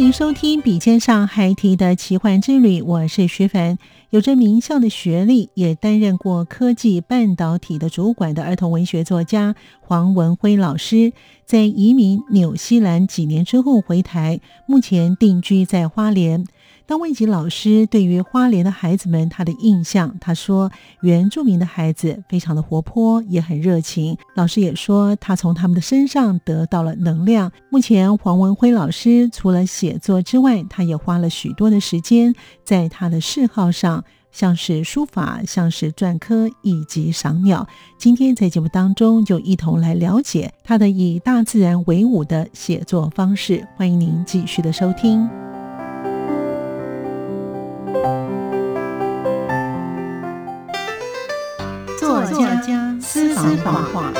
歡迎收聽《筆尖上孩提的奇幻之旅》，我是徐凡，有着名校的學歷，也擔任過科技半導體的主管的兒童文學作家黃文輝老師，在移民紐西蘭幾年之後回台，目前定居在花蓮。當問及老師對於花蓮的孩子們他的印象，他說原住民的孩子非常的活潑，也很熱情。老師也說他從他們的身上得到了能量。目前黃文輝老師除了寫作之外，他也花了許多的時間在他的嗜好上，像是書法、像是篆刻以及賞鳥。今天在節目當中就一同來了解他的以大自然為伍的寫作方式。歡迎您繼續的收聽。私房話，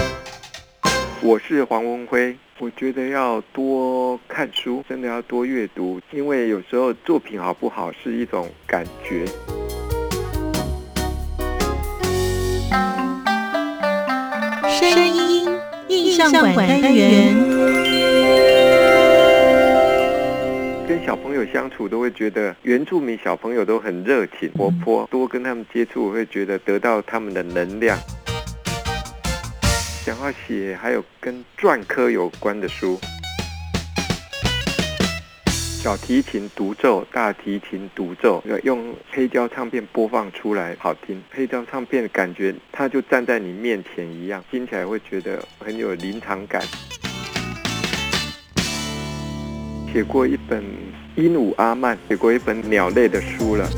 我是黃文輝。我覺得要多看書，真的要多閱讀，因為有時候作品好不好是一種感覺。聲音印象館單元，跟小朋友相處都會覺得原住民小朋友都很熱情活潑，嗯、多跟他們接觸，會覺得得到他們的能量。想要寫還有跟篆刻有關的書，小提琴獨奏、大提琴獨奏，用黑膠唱片播放出來好聽。黑膠唱片感覺它就站在你面前一樣，聽起來會覺得很有臨場感。寫過一本《鸚鵡阿曼》，寫過一本鳥類的書了。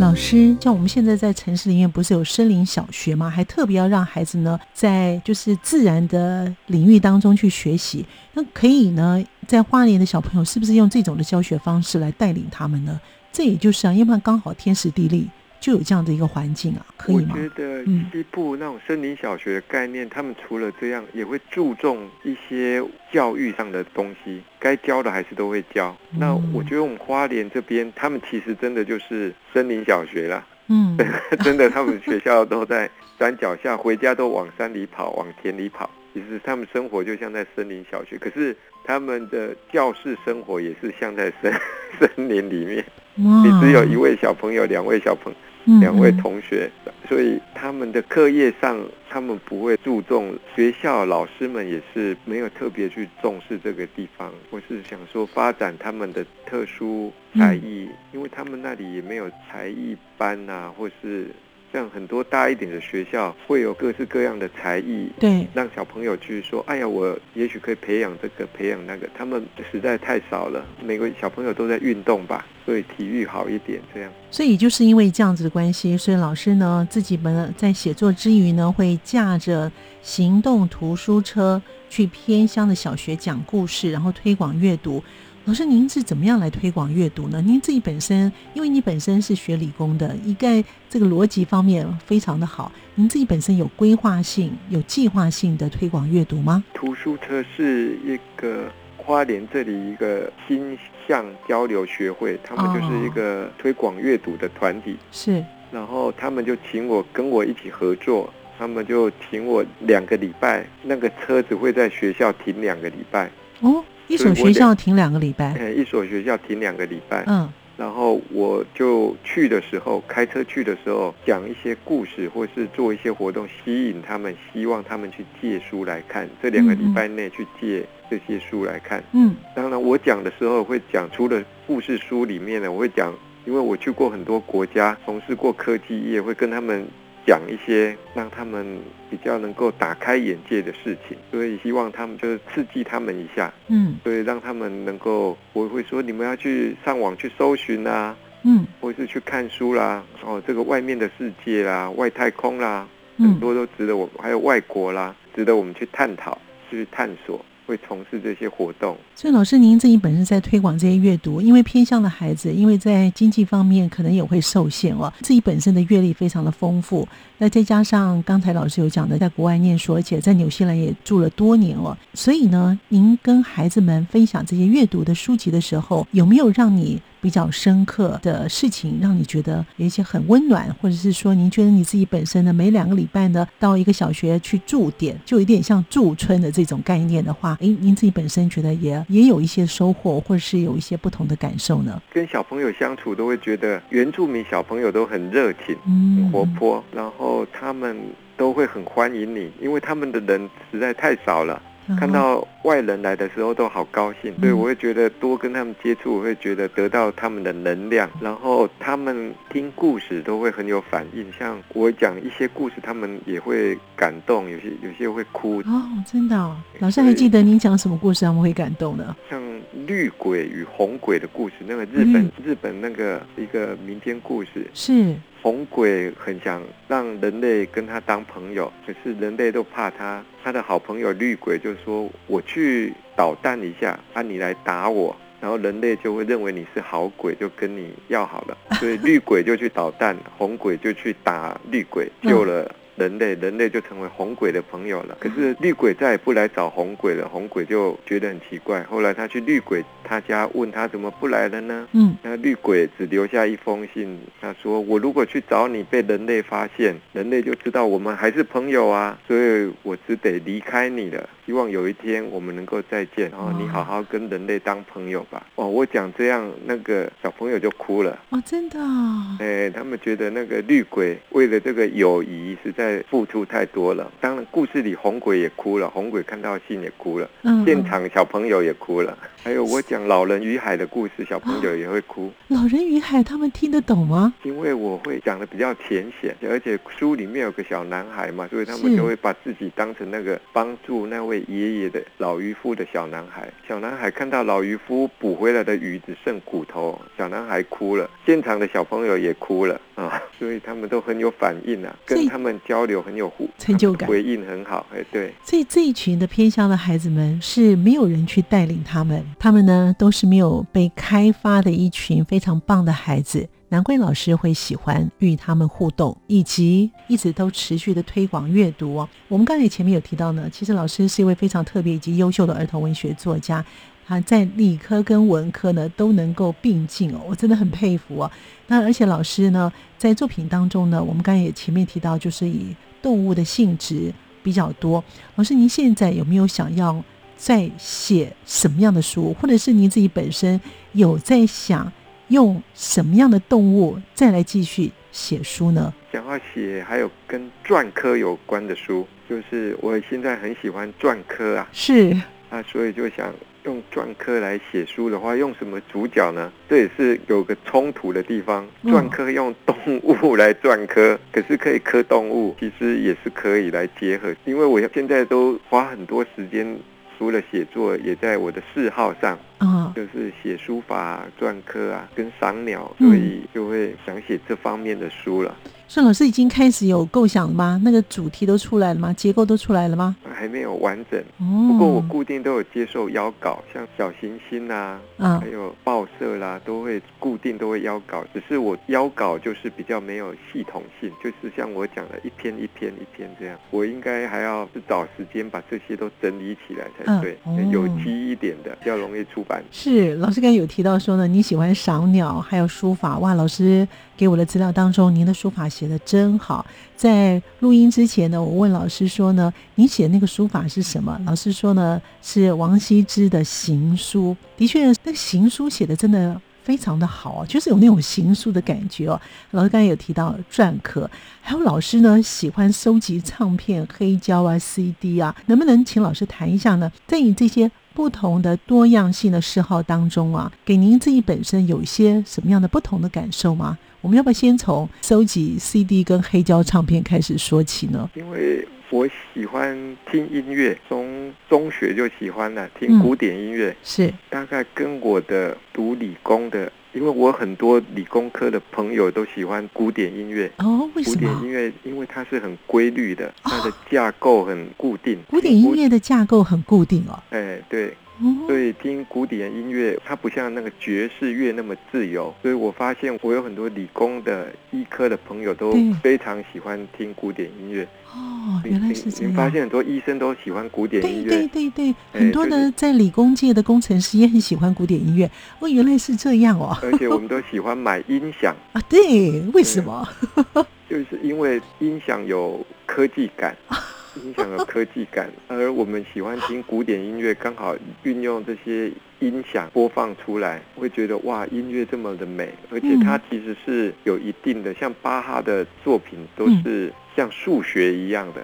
老師，像我們現在在城市裡面不是有森林小學嗎？還特別要讓孩子呢，在就是自然的領域當中去學習。那可以呢，在花蓮的小朋友是不是用這種的教學方式來帶領他們呢？這也就是啊，因為剛好天時地利。就有這樣的一個環境啊，可以嗎？我覺得西部那種森林小學的概念，嗯、他們除了這樣，也會注重一些教育上的東西，該教的還是都會教。嗯、那我覺得我們花蓮這邊，他們其實真的就是森林小學了。嗯， 真的，他們學校都在山腳下， 回家都往山裡跑，往田裡跑，其實他們生活就像在森林小學。可是他們的教室生活也是像在森森林裡面。哇，你只有一位小朋友，兩位小朋友。兩位同學，所以他們的課業上，他們不會注重學校，老師們也是沒有特別去重視這個地方，或是想說發展他們的特殊才藝，因為他們那裡也沒有才藝班啊，或是。像很多大一點的學校會有各式各樣的才藝，對，讓小朋友去說，哎呀，我也許可以培養這個，培養那個。他們實在太少了，每個小朋友都在運動吧，所以體育好一點。這樣，所以就是因為這樣子的關係，所以老師呢自己呢在寫作之餘呢，會駕着行動圖書車去偏鄉的小學講故事，然後推廣閱讀。老師，您是怎麼樣來推廣閱讀呢？您自己本身，因為你本身是學理工的，應該這個邏輯方面非常的好。您自己本身有規劃性、有計劃性的推廣閱讀嗎？圖書車是一個花蓮這裡一個心向交流學會，他們就是一個推廣閱讀的團體。是。Oh. 然後他們就請我跟我一起合作，他們就請我兩個禮拜，那個車子會在學校停兩個禮拜。哦。Oh. 一所學校停兩個禮拜。嗯，一所學校停兩個禮拜。嗯，然後我就去的時候，開車去的時候，講一些故事，或是做一些活動，吸引他們，希望他們去借書來看。這兩個禮拜內去借這些書來看。嗯，嗯，當然，我講的時候會講除了故事書裡面呢，我會講，因為我去過很多國家，從事過科技業，會跟他們。講一些讓他們比較能夠打開眼界的事情，所以希望他們就是刺激他們一下，嗯，所以讓他們能夠，我會說你們要去上網去搜尋啊，嗯，或是去看書啦，哦，這個外面的世界啦，外太空啦，很多都值得我們，還有外國啦，值得我們去探討去探索。會從事這些活動，所以老師，您自己本身在推廣這些閱讀，因為偏鄉的孩子，因為在經濟方面可能也會受限哦。自己本身的閱歷非常的豐富，那再加上剛才老師有講的，在國外念書，而且在紐西蘭也住了多年了。所以呢，您跟孩子們分享這些閱讀的書籍的時候，有沒有讓你？比較深刻的事情，讓你覺得有一些很溫暖，或者是說您覺得你自己本身呢，每兩個禮拜呢，到一個小學去駐點，就有點像駐村的這種概念的話，哎，您自己本身覺得也也有一些收穫，或者是有一些不同的感受呢？跟小朋友相處都會覺得原住民小朋友都很熱情，嗯，很活潑，然後他們都會很歡迎你，因為他們的人實在太少了。看到外人來的時候都好高興，對，嗯，我會覺得多跟他們接觸，我會覺得得到他們的能量，然後他們聽故事都會很有反應。像我講一些故事，他們也會感動，有些有些會哭。哦，真的哦，是，老師還記得您講什麼故事他們會感動的？像綠鬼與紅鬼的故事，那個日本，嗯嗯，日本那個一個民間故事是。紅鬼很想讓人類跟他當朋友，可是人類都怕他。他的好朋友綠鬼就說：“我去搗蛋一下，啊，你來打我。”然後人類就會認為你是好鬼，就跟你要好了。所以綠鬼就去搗蛋，紅鬼就去打綠鬼，救了。人類，人類就成為紅鬼的朋友了。可是綠鬼再也不來找紅鬼了，紅鬼就覺得很奇怪。後來他去綠鬼他家問他怎麼不來了呢？嗯，那綠鬼只留下一封信，他說：“我如果去找你，被人類發現，人類就知道我們還是朋友啊，所以我只得離開你了。”希望有一天我們能夠再見。哦，你好好跟人類當朋友吧。哦，哦，我講這樣，那個小朋友就哭了。哦，真的哦。哎，他們覺得那個綠鬼為了這個友誼，實在付出太多了。當然，故事裡紅鬼也哭了，紅鬼看到信也哭了，嗯，現場小朋友也哭了。還有我講《老人與海》的故事，小朋友也會哭。《老人與海》，他們聽得懂嗎？因為我會講得比較淺顯，而且書裡面有個小男孩嘛，所以他們就會把自己當成那個幫助那位。爺爺的老漁夫的小男孩，小男孩看到老漁夫捕回來的魚只剩骨頭，小男孩哭了，現場的小朋友也哭了啊、嗯，所以他們都很有反應啊，跟他們交流很有成就感，回應很好，哎，對，這這一群的偏鄉的孩子們是沒有人去帶領他們，他們呢都是沒有被開發的一群非常棒的孩子。難怪老師會喜歡與他們互動，以及一直都持續的推廣閱讀哦。我們剛才前面有提到呢，其實老師是一位非常特別以及優秀的兒童文學作家，他在理科跟文科呢都能夠並進哦，我真的很佩服哦、啊。那而且老師呢，在作品當中呢，我們剛才也前面提到，就是以動物的性質比較多。老師您現在有沒有想要再寫什麼樣的書，或者是您自己本身有在想？用什麼樣的動物再來繼續寫書呢？想要寫還有跟篆刻有關的書，就是我現在很喜歡篆刻啊，是啊，所以就想用篆刻來寫書的話，用什麼主角呢？這也是有個衝突的地方。篆刻，嗯、用動物來篆刻，可是可以刻動物，其實也是可以來結合。因為我現在都花很多時間，除了寫作，也在我的嗜好上。嗯就是寫書法、篆刻啊，跟賞鳥，所以就會想寫這方面的書了。嗯孫老師已經開始有構想吧？嗎？那個主題都出來了嗎？結構都出來了嗎？還沒有完整。哦、嗯。不過我固定都有接受邀稿，像小行星啦、啊，嗯，還有報社啦、啊，都會固定都會邀稿。只是我邀稿就是比較沒有系統性，就是像我講的一篇一篇一篇這樣。我應該還要是找時間把這些都整理起來才對，嗯、有機一點的，比較容易出版。是老師剛才有提到說呢，你喜歡賞鳥，還有書法哇，老師。給我的資料當中，您的書法寫得真好。在錄音之前呢，我問老師說呢，您寫那個書法是什麼？老師說呢，是王羲之的行書。的確，那行書寫得真的非常的好，就是有那種行書的感覺哦。老師剛才有提到篆刻，還有老師呢喜歡收集唱片、黑膠啊、CD 啊，能不能請老師談一下呢？在你這些不同的多樣性的嗜好當中啊，給您自己本身有一些什麼樣的不同的感受嗎？我們要不要先從收集 CD 跟黑膠唱片開始說起呢？因為我喜歡聽音樂，從中學就喜歡了聽古典音樂。嗯，是，大概跟我的讀理工的，因為我很多理工科的朋友都喜歡古典音樂。哦，為什麼？古典音樂因為它是很規律的，它的架構很固定。哦，古典、古典音樂的架構很固定哦。哎，對。嗯、所以聽古典音樂，它不像那個爵士樂那麼自由。所以我發現，我有很多理工的、醫科的朋友都非常喜歡聽古典音樂。對你哦，原來是這樣！你你發現很多醫生都喜歡古典音樂。對對對對，欸、很多的在理工界的工程師也很喜歡古典音樂。哦，原來是這樣哦。 而且我們都喜歡買音響啊。對，為什麼？ 嗯、就是因為音響有科技感。啊音響的科技感，而我們喜歡聽古典音樂，剛好運用這些音響播放出來，會覺得哇，音樂這麼的美，而且它其實是有一定的，像巴哈的作品都是像數學一樣的、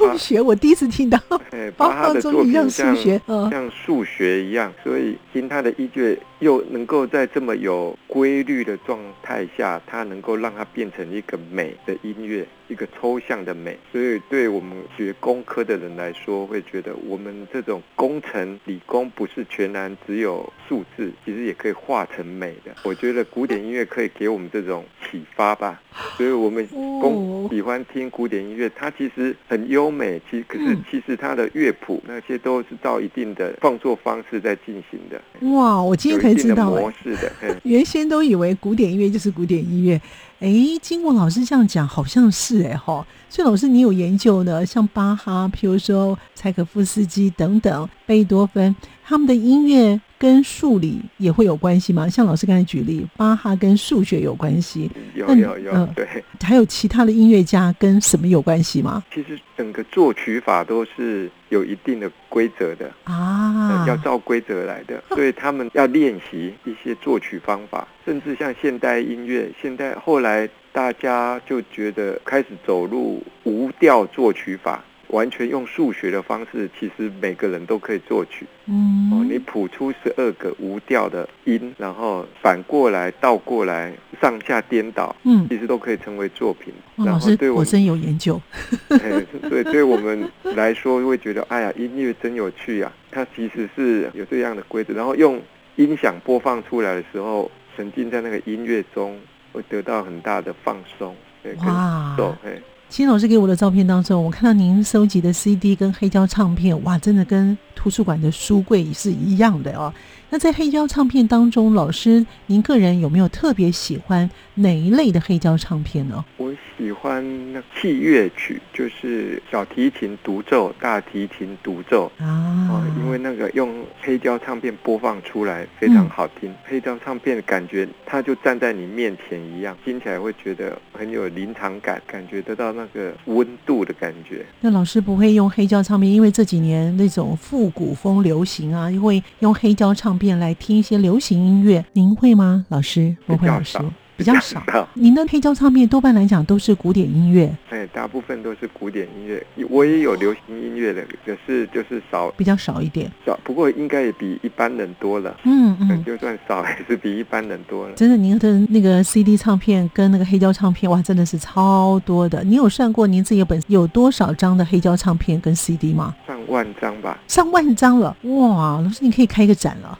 嗯啊、數學。我第一次聽到，哎，巴哈的作品像、哦、數學，嗯、像數學一樣，所以聽他的音樂又能夠在這麼有規律的狀態下，它能夠讓它變成一個美的音樂。一個抽象的美，所以對我們學工科的人來說，會覺得我們這種工程、理工不是全然只有數字，其實也可以化成美的。我覺得古典音樂可以給我們這種啟發吧。所以，我們、哦、喜歡聽古典音樂，它其實很優美。其實，嗯、可是其實它的樂譜那些都是照一定的創作方式在進行的。哇，我今天可以知道，是的，原先都以為古典音樂就是古典音樂。哎，經過老師這樣講，好像是哎、吼。所以老師，你有研究呢，像巴哈，譬如說柴可夫斯基等等，貝多芬他們的音樂。跟數理也會有關係嗎？像老師剛才舉例，巴哈跟數學有關係，有但有有，對、呃。還有其他的音樂家跟什麼有關係嗎？其實整個作曲法都是有一定的規則的啊、呃，要照規則來的，所以他們要練習一些作曲方法。啊、甚至像現代音樂，現代後來大家就覺得開始走入無調作曲法。完全用數學的方式，其實每個人都可以作曲。嗯，哦、你譜出十二個無調的音，然後反過來、倒過來、上下顛倒，嗯，其實都可以成為作品。哦、老師、然後對我，我真有研究 對。對，對我們來說會覺得，哎呀，音樂真有趣啊！它其實是有這樣的規則，然後用音響播放出來的時候，沉浸在那個音樂中，會得到很大的放鬆，對哇，哎。金老師給我的照片當中，我看到您收集的 CD 跟黑膠唱片，哇，真的跟圖書館的書櫃是一樣的哦。那在黑膠唱片當中，老師您個人有沒有特別喜歡哪一類的黑膠唱片呢？我喜歡那器樂曲，就是小提琴獨奏、大提琴獨奏啊、呃，因為那個用黑膠唱片播放出來非常好聽。嗯、黑膠唱片的感覺它就站在你面前一樣，聽起來會覺得很有臨場感，感覺得到那個溫度的感覺。那老師不會用黑膠唱片，因為這幾年那種復古風流行啊，因為用黑膠唱。便來聽一些流行音樂，您會嗎？老師，我會，會。老師比較少。您的黑膠唱片多半來講都是古典音樂。對、哎，大部分都是古典音樂。我也有流行音樂的，哇可是就是少，比較少一點。少，不過應該也比一般人多了。嗯嗯，嗯，就算少也是比一般人多了。真的，您的那個 CD 唱片跟那個黑膠唱片，哇，真的是超多的。你有算過您自己本有多少張的黑膠唱片跟 CD 嗎？算萬張吧，上萬張了哇！老師，你可以開一個展了。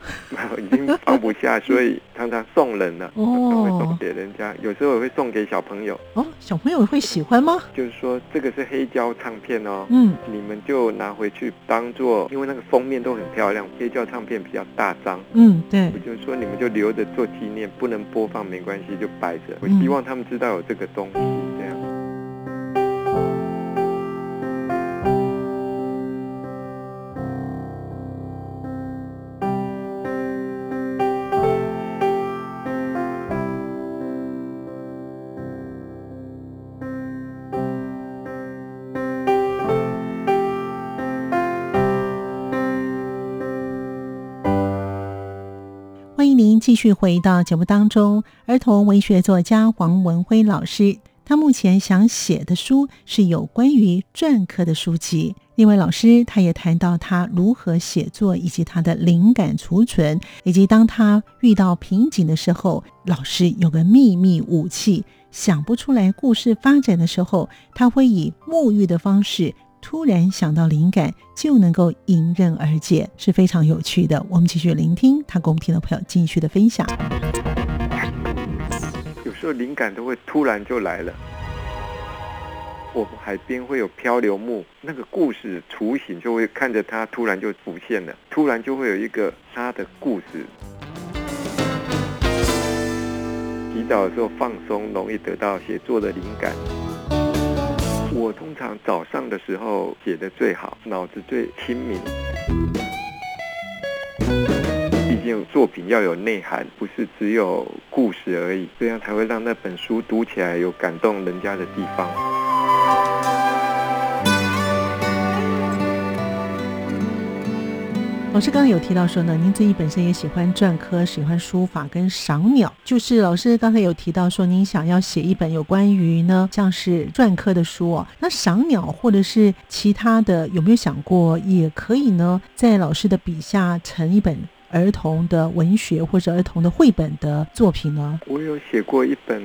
已經放不下，所以常常送人了哦，會送給人家，有時候也會送給小朋友哦，小朋友會喜歡嗎？就是說這個是黑膠唱片哦，嗯，你們就拿回去當做，因為那個封面都很漂亮，黑膠唱片比較大張，嗯，對，我就說你們就留着做紀念，不能播放沒關係，就擺着。我希望他們知道有這個東西這樣。繼續回到節目當中，兒童文學作家黃文輝老師，他目前想寫的書是有關於篆刻的書籍。另外，老師他也談到他如何寫作，以及他的靈感儲存，以及當他遇到瓶頸的時候，老師有個秘密武器，想不出來故事發展的時候，他會以沐浴的方式。突然想到靈感，就能夠迎刃而解，是非常有趣的。我們繼續聆聽他跟我們聽眾朋友繼續的分享。有時候靈感都會突然就來了。我們海邊會有漂流木，那個故事雛形就會看着它突然就浮現了，突然就會有一個他的故事。洗澡的時候放鬆，容易得到寫作的靈感。我通常早上的時候寫得最好，腦子最清明。畢竟作品要有內涵，不是只有故事而已，這樣才會讓那本書讀起來有感動人家的地方。老師剛剛有提到說呢，您自己本身也喜歡篆刻，喜歡書法跟賞鳥。就是老師剛才有提到說，您想要寫一本有關於呢，像是篆刻的書哦。那賞鳥或者是其他的，有沒有想過也可以呢？在老師的筆下，成一本兒童的文學或者兒童的繪本的作品呢？我有寫過一本《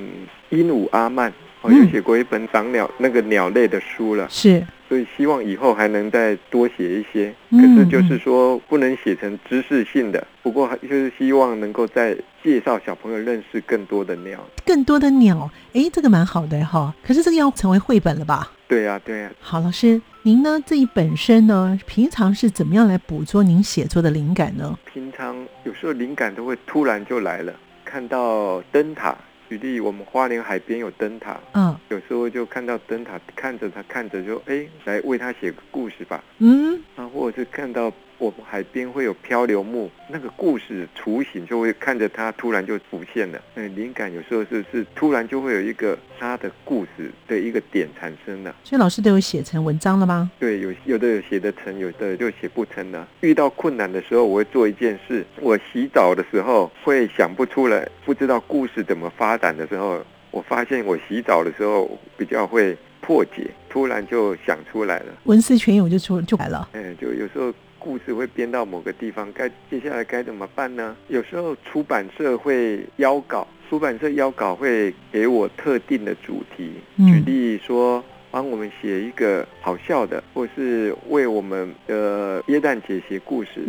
鸚鵡阿曼》。哦，又寫過一本賞鳥，嗯、那個鳥類的書了，是，所以希望以後還能再多寫一些。嗯，可是就是說不能寫成知識性的，不過就是希望能夠再介紹小朋友認識更多的鳥，更多的鳥，哎，這個蠻好的哈，哦。可是這個要成為繪本了吧？對呀，啊，對呀，啊。好，老師，您呢自己本身呢，平常是怎麼樣來捕捉您寫作的靈感呢？平常有時候靈感都會突然就來了，看到燈塔。舉例，我們花蓮海邊有燈塔，嗯，有時候就看到燈塔，看着他，看着就，誒，來為他寫個故事吧，嗯，啊，或者是看到。我們海邊會有漂流木，那個故事雛形就會看着它，突然就浮現了。嗯，靈感有時候是是突然就會有一個它的故事的一個點產生了。所以老師都有寫成文章了嗎？對，有有的有寫得成，有的就寫不成了。遇到困難的時候，我會做一件事。我洗澡的時候會想不出來，不知道故事怎麼發展的時候，我發現我洗澡的時候比較會破解，突然就想出來了，文思泉湧就出就來了。嗯，就有時候。故事會編到某個地方，該接下來該怎麼辦呢？有時候出版社會邀稿，出版社邀稿會給我特定的主題，舉例說，幫我們寫一個好笑的，或是為我們的耶誕節寫故事。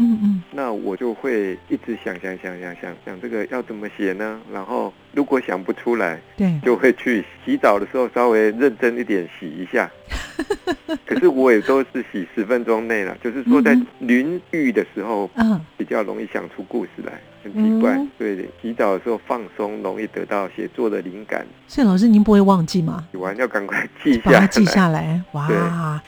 那我就會一直想想想想想想這個要怎麼寫呢？然後。如果想不出來，對，就會去洗澡的時候稍微認真一點洗一下。 可是我也都是洗十分鐘內了， 就是說在淋浴的時候，嗯哼，比較容易想出故事來，嗯、很奇怪。嗯、所以洗澡的時候放鬆，容易得到寫作的靈感。所以老師您不會忘記嗎？洗完要趕快記下來。把它記下來。哇，對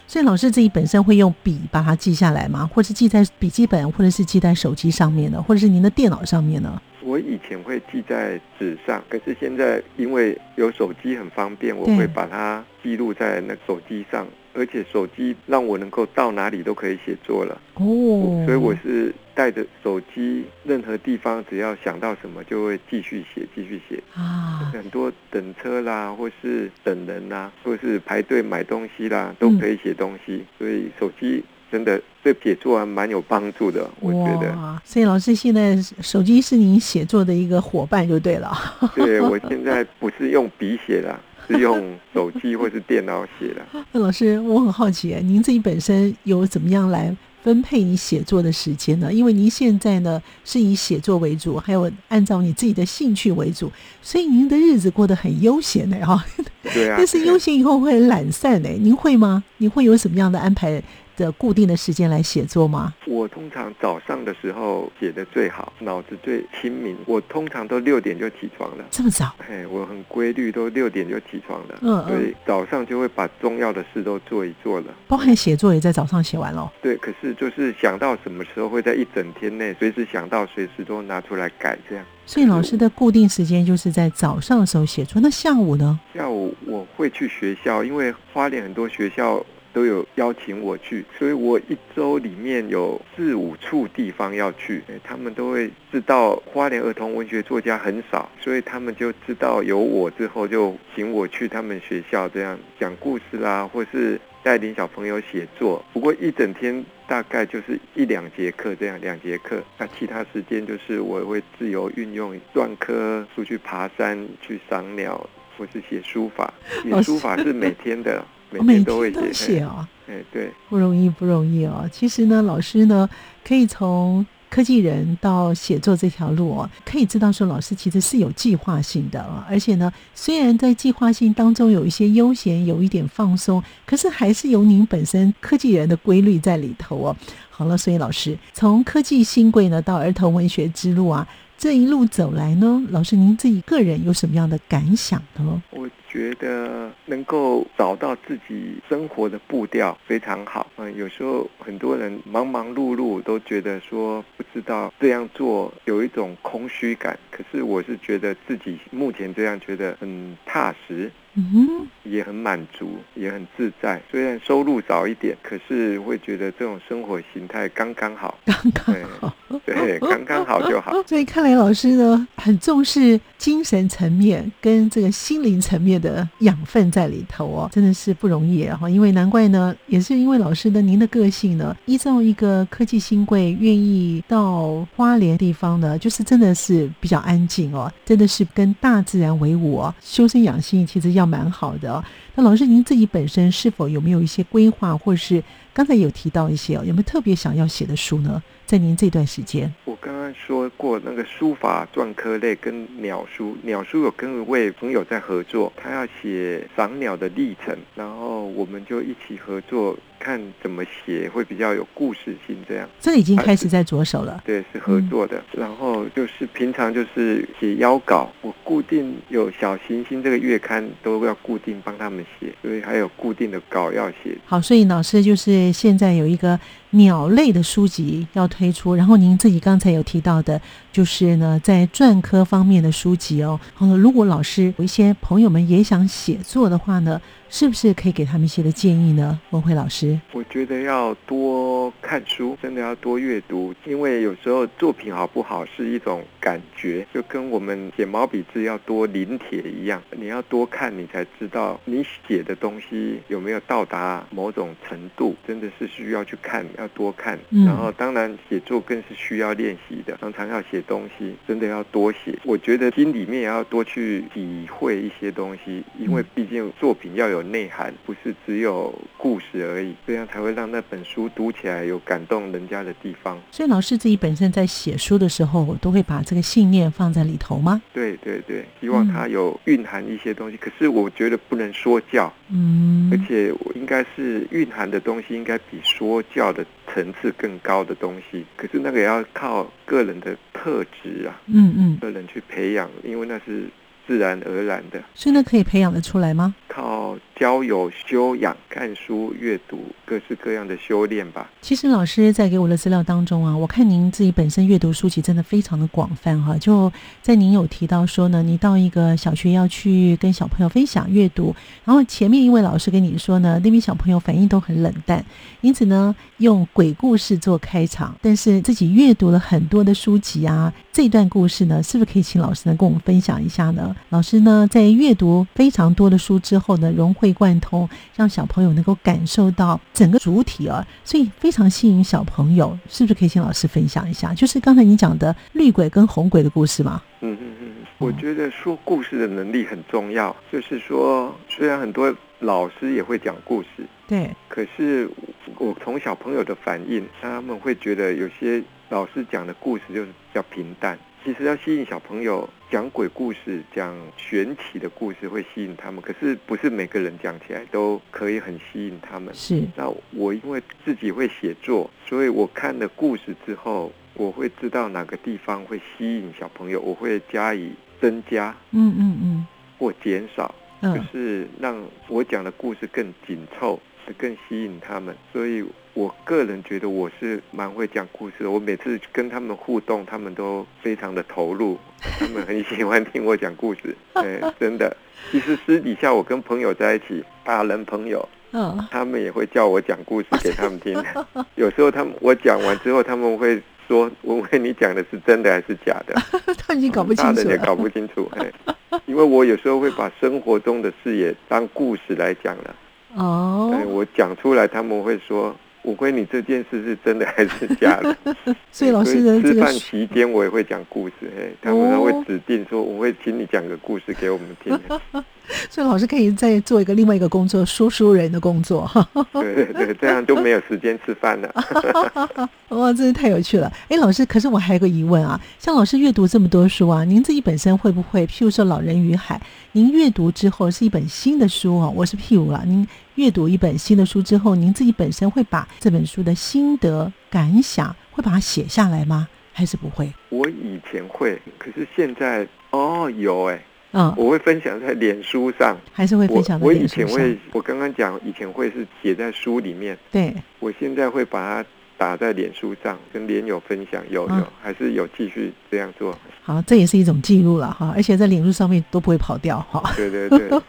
所以老師自己本身會用筆把它記下來嗎？或是記在筆記本，或者是記在手機上面的，或者是您的電腦上面呢？我以前會記在紙上，可是現在因為有手機很方便，我會把它記錄在那個手機上，對而且手機讓我能夠到哪裡都可以寫作了。哦，所以我是帶着手機，任何地方只要想到什麼就會繼續寫，繼續寫。啊，很多等車啦，或是等人啦、啊，或是排隊買東西啦，都可以寫東西。嗯、所以手機。真的對寫作還蠻有幫助的，哇我覺得。啊，所以老師，現在手機是您寫作的一個夥伴就對了。對，我現在不是用筆寫的， 是用手機或是電腦寫的。那、嗯、老師，我很好奇，您自己本身有怎麼樣來分配你寫作的時間呢？因為您現在呢是以寫作為主，還有按照你自己的興趣為主，所以您的日子過得很悠閒呢、哦。哈。對啊。 但是悠閒以後會懶散呢？您會嗎？你會有什麼樣的安排？的固定的時間來寫作嗎？我通常早上的時候寫得最好，腦子最清明。我通常都六點就起床了，這麼早？哎，我很規律，都六點就起床了。嗯，對，嗯，早上就會把重要的事都做一做了，包含寫作也在早上寫完了。對，可是就是想到什麼時候會在一整天內隨時想到，隨時都拿出來改這樣。所以老師的固定時間就是在早上的時候寫作，那下午呢？下午我會去學校，因為花蓮很多學校。都有邀請我去，所以我一周裡面有四五處地方要去。欸、他們都會知道，花蓮兒童文學作家很少，所以他們就知道有我之後，就請我去他們學校這樣講故事啦，或是帶領小朋友寫作。不過一整天大概就是一兩節課這樣，兩節課，那、啊、其他時間就是我會自由運用篆刻、出去爬山、去賞鳥，或是寫書法。寫書法是每天的。 我每，每天都寫哦。嗯嗯、對，不容易不容易哦。其實呢，老師呢可以從科技人到寫作這條路哦，可以知道說老師其實是有計劃性的啊、哦。而且呢，雖然在計劃性當中有一些悠閒，有一點放鬆，可是還是有您本身科技人的規律在裡頭哦。好了，所以老師從科技新貴呢到兒童文學之路啊，這一路走來呢，老師您自己個人有什麼樣的感想呢？我。覺得能夠找到自己生活的步調非常好。嗯，有時候很多人忙忙碌碌，都覺得說不知道這樣做有一種空虛感。可是我是覺得自己目前這樣覺得很踏實。嗯哼，也很滿足，也很自在。雖然收入少一點，可是會覺得這種生活形態剛剛好，剛剛好，嗯、對，嗯、剛剛好就好。所以看來老師呢，很重視精神層面跟這個心靈層面的養分在裡頭哦，真的是不容易哈、哦。因為難怪呢，也是因為老師的您的個性呢，依照一個科技新貴，願意到花蓮的地方呢，就是真的是比較安靜哦，真的是跟大自然為伍、哦，修身養性，其實要。蠻好的，那老師您自己本身是否有沒有一些規劃，或者是剛才有提到一些哦，有沒有特別想要寫的書呢？在您這段時間，我剛剛說過那個書法篆刻類跟鳥書，鳥書有跟一位朋友在合作，他要寫賞鳥的歷程，然後我們就一起合作。看怎麼寫會比較有故事性，這樣。這已經開始在着手了。對，是合作的。嗯，然後就是平常就是寫邀稿，我固定有小行星這個月刊都要固定幫他們寫，所以還有固定的稿要寫。好，所以老師就是現在有一個鳥類的書籍要推出，然後您自己剛才有提到的，就是呢在篆刻方面的書籍哦。然後如果老師有一些朋友們也想寫作的話呢，是不是可以給他們一些的建議呢？文輝老師，我覺得要多看書，真的要多閱讀，因為有時候作品好不好是一種感覺，就跟我們寫毛筆字要多臨帖一樣，你要多看，你才知道你寫的東西有沒有到達某種程度。真的是需要去看，要多看。嗯，然後，當然寫作更是需要練習的，常常要寫東西，真的要多寫。我覺得心裡面也要多去體會一些東西，因為畢竟作品要有。內涵不是只有故事而已，這樣才會讓那本書讀起來有感動人家的地方。所以老師自己本身在寫書的時候，我都會把這個信念放在裡頭嗎？對對對，希望它有蘊含一些東西。嗯、可是我覺得不能說教，嗯，而且我應該是蘊含的東西應該比說教的層次更高的東西。可是那個也要靠個人的特質啊，嗯嗯，個人去培養，因為那是自然而然的。所以那可以培養得出來嗎？靠。交友、教修養、看書、閱讀，各式各樣的修煉吧。其實老師在給我的資料當中啊，我看您自己本身閱讀書籍真的非常的廣泛哈、啊。就在您有提到說呢，你到一個小學要去跟小朋友分享閱讀，然後前面一位老師跟你說呢，那邊小朋友反應都很冷淡，因此呢，用鬼故事做開場。但是自己閱讀了很多的書籍啊，這段故事呢，是不是可以請老師呢跟我們分享一下呢？老師呢，在閱讀非常多的書之後呢，融會會貫通，讓小朋友能夠感受到整個主體啊、哦，所以非常吸引小朋友。是不是可以請老師分享一下？就是剛才你講的綠鬼跟紅鬼的故事嗎？嗯嗯嗯，我覺得說故事的能力很重要。嗯、就是說，雖然很多老師也會講故事，對，可是我從小朋友的反應，他們會覺得有些老師講的故事就是比較平淡。其實要吸引小朋友講鬼故事，講玄奇的故事會吸引他們，可是不是每個人講起來都可以很吸引他們。是。那我因為自己會寫作，所以我看了故事之後，我會知道哪個地方會吸引小朋友，我會加以增加，嗯嗯嗯，或減少，嗯嗯嗯、就是讓我講的故事更緊湊，是更吸引他們。所以。我個人覺得我是蠻會講故事的。我每次跟他們互動，他們都非常的投入，他們很喜歡聽我講故事、 欸。真的。其實私底下我跟朋友在一起，大人朋友，嗯，他們也會叫我講故事給他們聽。 有時候他們我講完之後，他們會說，我問你講的是真的還是假的？ 他們已經搞不清楚了。嗯、大人也搞不清楚，哎、欸，因為我有時候會把生活中的事也當故事來講了。哦，欸、我講出來他們會說。我問你這件事是真的還是假的？ 所以老師的這個吃飯期間，我也會講故事嘿。他們都會指定說，我會請你講個故事給我們聽。 所以老師可以再做一個另外一個工作，說書人的工作。 對對對，這樣就沒有時間吃飯了。哇、 哦，真是太有趣了！哎，老師，可是我還有個疑問啊，像老師閱讀這麼多書啊，您自己本身會不會，譬如說《老人與海》，您閱讀之後是一本新的書啊、哦？我是譬如了您。閱讀一本新的書之後，您自己本身會把這本書的心得感想，會把它寫下來嗎？還是不會？我以前會，可是現在哦，有哎、欸，嗯，我會分享在臉書上，還是會分享在臉書上。我我以前會，我剛剛講以前會是寫在書裡面，對我現在會把它。打在臉書上，跟臉友分享，有有，啊、還是有繼續這樣做。好，這也是一種記錄了哈，而且在臉書上面都不會跑掉哈。對對對，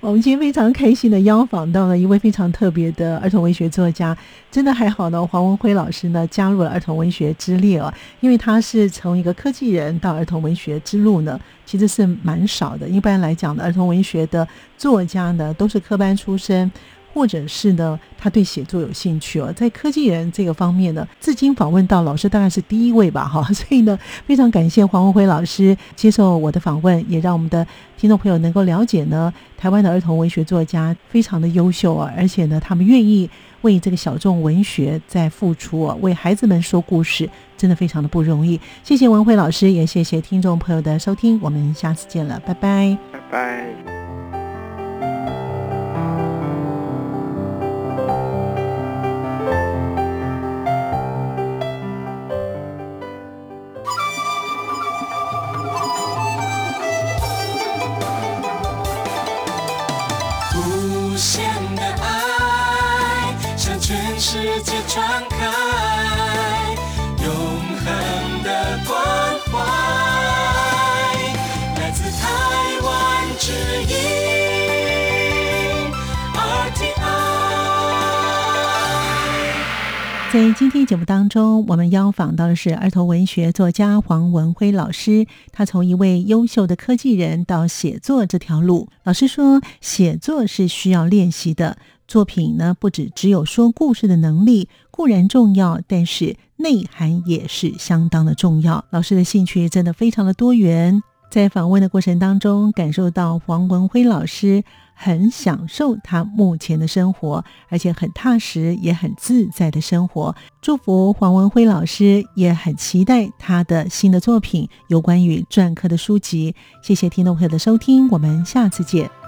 我們今天非常開心的邀訪到了一位非常特別的兒童文學作家，真的還好呢，黃文輝老師呢加入了兒童文學之列哦，因為他是從一個科技人到兒童文學之路呢，其實是蠻少的。一般來講的兒童文學的作家呢，都是科班出身，或者是呢，他對寫作有興趣哦。在科技人這個方面呢，至今訪問到老師當然是第一位吧，哈、哦。所以呢，非常感謝黃文輝老師接受我的訪問，也讓我們的聽眾朋友能夠了解呢，台灣的兒童文學作家非常的優秀啊、哦，而且呢，他們願意為這個小眾文學在付出、哦，為孩子們說故事，真的非常的不容易。謝謝文輝老師，也謝謝聽眾朋友的收聽，我們下次見了，拜拜，拜拜。節目當中，我們邀訪到的是兒童文學作家黃文輝老師。他從一位優秀的科技人到寫作這條路，老師說寫作是需要練習的。作品呢，不只只有說故事的能力，固然重要，但是內涵也是相當的重要。老師的興趣真的非常的多元，在訪問的過程當中，感受到黃文輝老師。很享受他目前的生活，而且很踏實，也很自在的生活。祝福黃文輝老師，也很期待他的新的作品，有關於篆刻的書籍。謝謝聽眾朋友的收聽，我們下次見。